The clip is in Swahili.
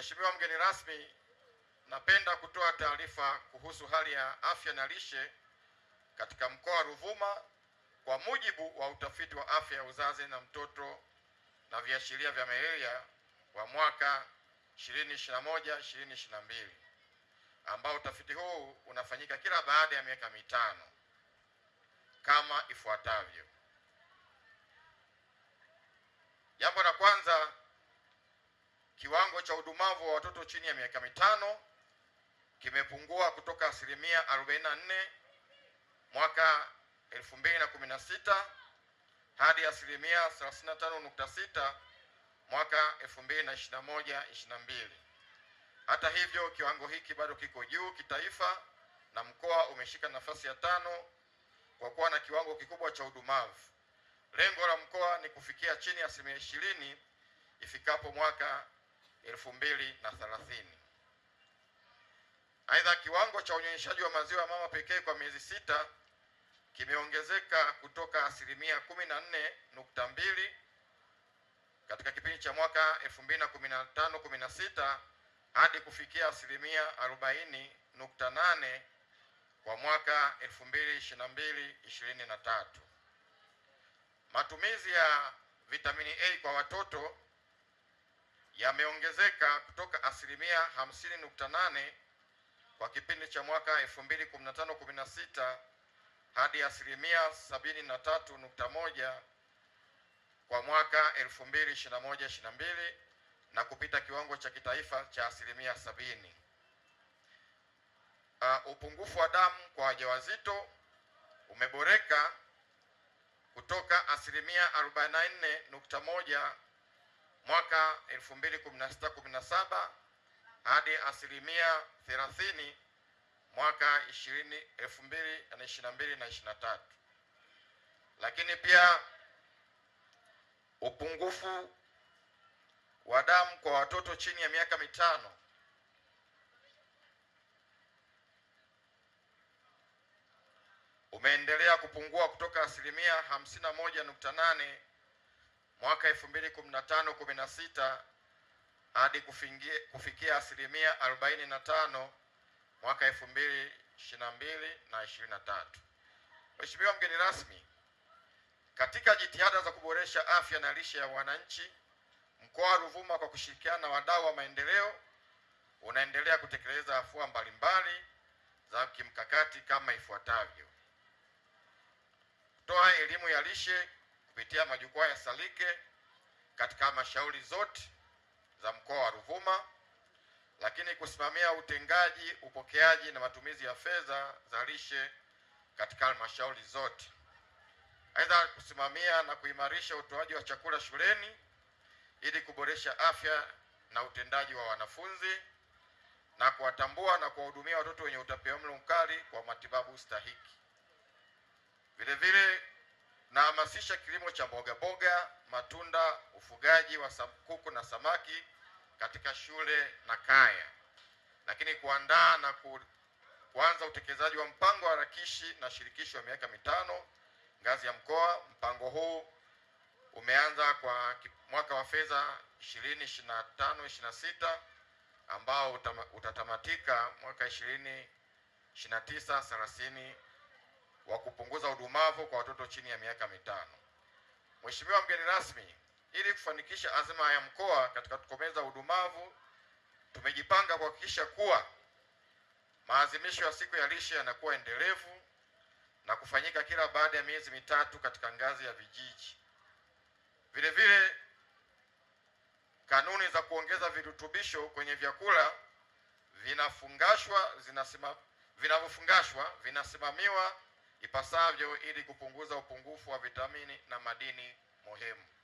Mheshimiwa mgeni rasmi, napenda kutoa taarifa kuhusu hali ya afya na lishe katika mkoa wa Ruvuma kwa mujibu wa utafiti wa afya ya uzazi na mtoto na viashiria vya malaria wa mwaka 2021 2022 ambao utafiti huu unafanyika kila baada ya miaka mitano kama ifuatavyo. Jambo Kiwango cha udumavu wa watoto chini ya miaka mitano kimepungua kutoka asilimia 44 mwaka 2016 hadi asilimia 35.6 mwaka 2021-22. Hata hivyo, kiwango hiki bado kiko juu kitaifa na mkoa umeshika nafasi ya tano kwa kuwa na kiwango kikubwa cha udumavu. Lengo la mkoa ni kufikia chini ya asilimia ishirini ifikapo mwaka elfu mbili na thelathini. Aidha, kiwango cha unyonyeshaji wa maziwa ya mama pekee kwa miezi sita kimeongezeka kutoka asilimia kumi na nne nukta mbili katika kipindi cha mwaka 2015-16 hadi kufikia asilimia 40.8 kwa mwaka 2022-2023. Matumizi ya vitamini A kwa watoto yameongezeka kutoka asilimia 50.8 kwa kipindi cha mwaka 2015-16 hadi asilimia 73.1 kwa mwaka 2021-22 na kupita kiwango cha kitaifa cha asilimia sabini. Uh, upungufu wa damu kwa wajawazito umeboreka kutoka asilimia moja mwaka 2016 2017 hadi asilimia 30 mwaka 2022 na Lakini pia upungufu wa damu kwa watoto chini ya miaka mitano umeendelea kupungua kutoka asilimia 51.8 mwaka 2015 16 hadi kufikia asilimia 45 mwaka 2022 na 23. Mheshimiwa mgeni rasmi, katika jitihada za kuboresha afya na lishe ya wananchi, mkoa wa Ruvuma kwa kushirikiana na wadau wa maendeleo unaendelea kutekeleza afua mbalimbali za kimkakati kama ifuatavyo: kutoa elimu ya lishe kupitia majukwaa ya Salike katika halmashauri zote za mkoa wa Ruvuma, lakini kusimamia utengaji, upokeaji na matumizi ya fedha za lishe katika halmashauri zote. Aidha, kusimamia na kuimarisha utoaji wa chakula shuleni ili kuboresha afya na utendaji wa wanafunzi na kuwatambua na kuwahudumia watoto wenye utapiamlo mkali kwa matibabu stahiki. Vilevile Tunahamasisha kilimo cha mboga mboga, matunda, ufugaji wa kuku na samaki katika shule na kaya, lakini kuandaa na ku, kuanza utekelezaji wa mpango wa harakishi na shirikisho wa miaka mitano ngazi ya mkoa. Mpango huu umeanza kwa mwaka wa fedha 2025 26 ambao utatamatika mwaka 2029 30 wa kupunguza udumavu kwa watoto chini ya miaka mitano. Mheshimiwa mgeni rasmi, ili kufanikisha azma ya mkoa katika kutokomeza udumavu, tumejipanga kuhakikisha kuwa maadhimisho ya siku ya lishe yanakuwa endelevu na kufanyika kila baada ya miezi mitatu katika ngazi ya vijiji. Vile vile kanuni za kuongeza virutubisho kwenye vyakula vinafungashwa zinasema vinavyofungashwa vinasimamiwa ipasavyo ili kupunguza upungufu wa vitamini na madini muhimu.